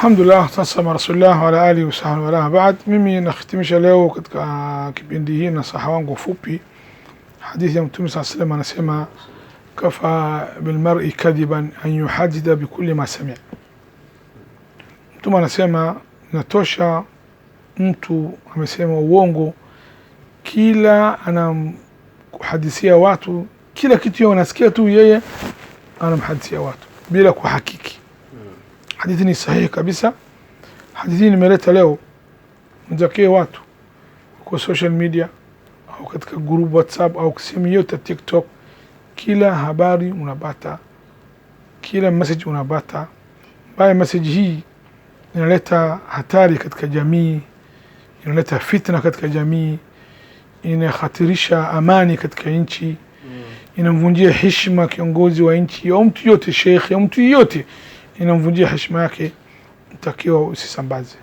Alhamdulillah, tasama rasulillah wa ala alihi wa sahbihi wa baad. Mimi nahitimisha leo katika uh, kipindi hii nasaha wangu fupi, hadithi ya Mtume saa sallam anasema, kafa bilmari kadiban an yuhadida bikulli ma samia. Mtume anasema natosha mtu amesema uongo kila anamhadithia watu, kila kitu yeye anasikia tu, yeye anamhadithia watu bila kuhakiki Hadithi ni sahihi kabisa. Hadithi hii nimeleta leo nitakie watu kwa social media au katika group WhatsApp au sehemu yote TikTok, kila habari unapata, kila message unapata, baya message hii inaleta hatari katika jamii, inaleta fitna katika jamii, inahatirisha amani katika nchi mm. Inamvunjia heshima kiongozi wa nchi au mtu yote, shekhe au mtu yote inamvunjia heshima yake, mtakiwa usisambaze.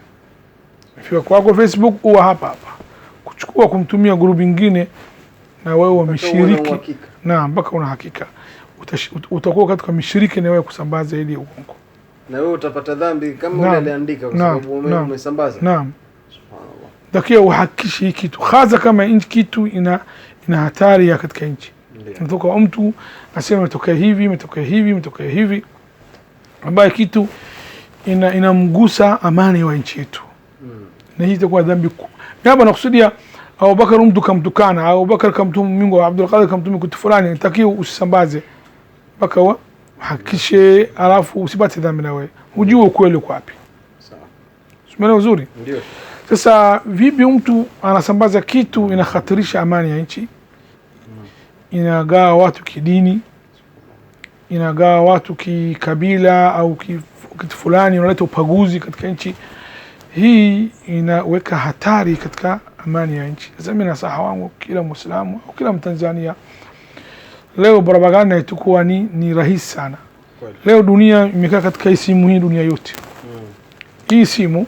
Ifika kwako Facebook, huwa hapa hapa kuchukua kumtumia grupu ingine, na wewe wameshiriki na mpaka una hakika utakuwa katika mishiriki na wewe kusambaza ili uongo, na wewe utapata dhambi kama ule aliandika, kwa sababu wewe umesambaza. Naam, subhanallah, takiwa uhakishi kitu hasa kama nchi kitu ina ina hatari ya katika nchi, natoka mtu asema imetokea hivi, imetokea hivi, imetokea hivi ambayo kitu inamgusa ina amani wa nchi yetu mm. na hii itakuwa dhambi hapa nakusudia Abubakar mtu kamtukana, Abubakar kamtumu Mungu, Abdul Qadir kamtumu kitu fulani, nitakiwa usisambaze mpaka wa alafu usipate dhambi na wewe, ujue ukweli uko wapi. Sawa, umeelewa uzuri Ndio. Sasa vipi mtu anasambaza kitu inahatarisha amani ya nchi, mm. inagawa watu kidini inagawa watu kikabila au kitu fulani, unaleta upaguzi katika nchi hii, inaweka hatari katika amani ya nchi. Sasa mimi nasaha wangu kila Muislamu au kila Mtanzania, leo propaganda itakuwa ni, ni rahisi sana. Leo dunia imekaa katika hii simu hii, dunia yote mm. hii simu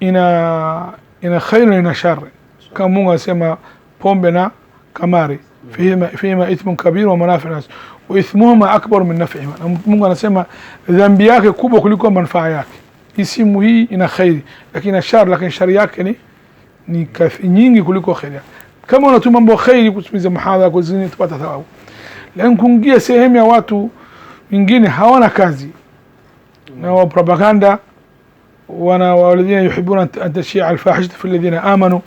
ina ina khairi na ina shari, so. kama Mungu anasema pombe na kamari mm. fihima, fihima ithmun kabir wa manafi nas wa ithmuhuma akbaru min naf'ihima, na Mungu anasema dhambi yake kubwa kuliko manufaa yake. Isimu hii ina khairi lakini shari, lakini shari yake ni ni kafi nyingi kuliko khairi yake. Kama unatuma mambo khairi, kutimiza muhadhara, kuzini, tupata thawabu, lakini kuingia sehemu ya watu wengine hawana kazi na wa propaganda wana walidhina yuhibbuna an tashia alfahishata fi alladhina amanu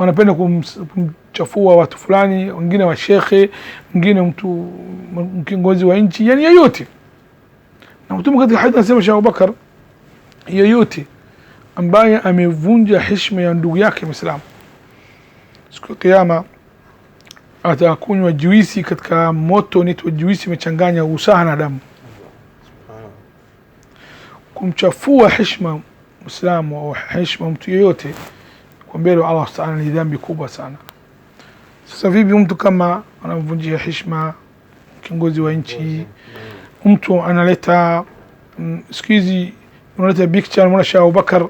wanapenda kumchafua watu fulani, wengine washekhe, wengine mtu kiongozi wa nchi, yani yeyote. Na Mtume katika hadithi anasema Sheikh Abubakar, yeyote ambaye amevunja heshima ya ndugu yake Muislamu, siku ya Kiyama atakunywa juisi katika moto nitwa juisi imechanganya usaha na damu. Kumchafua heshima Muislamu au heshima mtu yeyote kwa mbele Allah Taala ni dhambi kubwa sana. Sasa vipi mtu kama anamvunjia heshima kiongozi wa nchi, mtu analeta mm, siku hizi unaleta picture mwana Sheikh Abubakar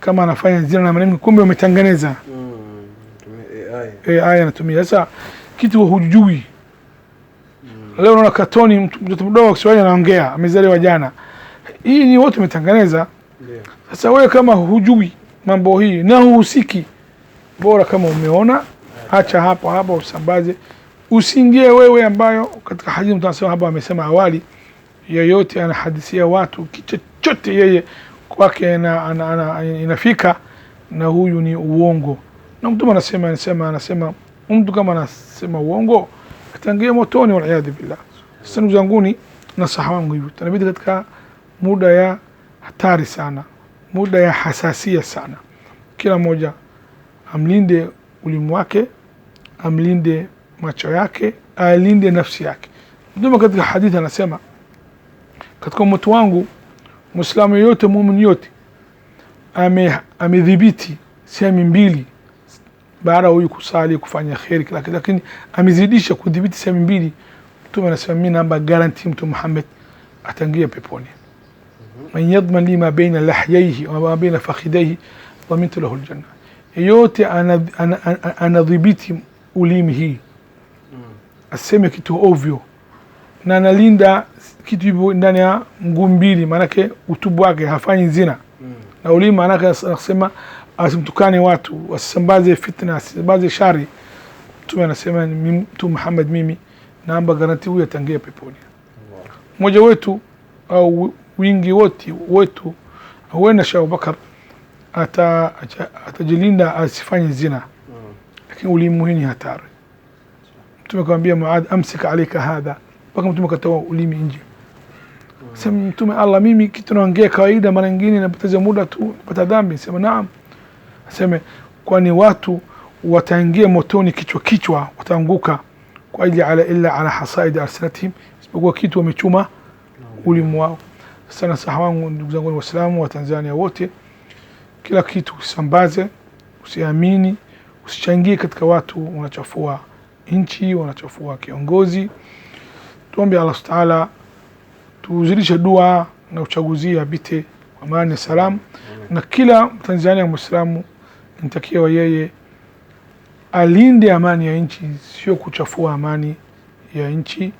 kama anafanya zina na maneno, kumbe umetengeneza AI mm. eh, anatumia. Sasa kitu hujui leo, unaona katoni, mtoto mdogo wa Kiswahili anaongea, amezaliwa jana. Hii ni wote umetengeneza. Sasa wewe kama hujui mambo hii na uhusiki, Bora kama umeona, acha hapo hapo, usambaze, usiingie wewe, ambayo katika hadithi mtasema hapo, amesema awali, yeyote anahadithia watu kichochote yeye kwake inafika, na huyu ni uongo. Na mtu anasema anasema anasema, mtu kama anasema uongo atangia motoni, waliyadhu billah. Sasa ndugu zanguni, nasaha wangu hivyo, tunabidi katika muda ya hatari sana muda ya hasasia sana. Kila mmoja amlinde ulimu wake, amlinde macho yake, alinde nafsi yake. Mtume katika hadithi anasema, katika umati wangu Muislamu yoyote, muumini yote amedhibiti ame sehemu mbili baada huyu kusali kufanya kheri kila kitu, lakini amezidisha kudhibiti sehemu mbili. Mtume anasema mimi namba guarantee mtu Muhammad ataingia peponi man yadman li ma baina lahyaihi wa ma baina fakhidaihi dhamintu lahu aljanna, yeyote anadhibiti ulimi hii aseme kitu ovyo na analinda kitu hivyo ndani ya mguu mbili, maanake utubu wake hafanyi zina na ulimi maanake anasema asimtukane watu, asisambaze fitna, asisambaze shari. Mtume anasema mtu Muhammad, mimi naomba garanti huyu atangia peponi. Mmoja wetu au wingi wote wetu huenda Sheikh Abubakar ata, atajilinda asifanye zina, lakini ulimu hii ni hatari. Mtume akamwambia Muad, amsika alika hadha, mpaka mtume akatoa ulimi nje. Sema mtume, Allah, mimi kitu naongea kawaida, mara nyingine napoteza muda tu napata dhambi. Sema naam. Aseme kwani watu wataingia motoni kichwa kichwa, wataanguka kwa ajili ala illa ala hasaid alsinatihim, isipokuwa kitu wamechuma ulimu wao sana saha wangu, ndugu zangu Waislamu wa Tanzania wote, kila kitu usisambaze, usiamini, usichangie katika watu wanachafua nchi, wanachafua kiongozi. Tuombe Allah subhanahu wa ta'ala, tuzidishe dua na uchaguzi apite amani na salam, na kila Mtanzania Mwislamu nitakiwa yeye alinde amani ya nchi, sio kuchafua amani ya nchi.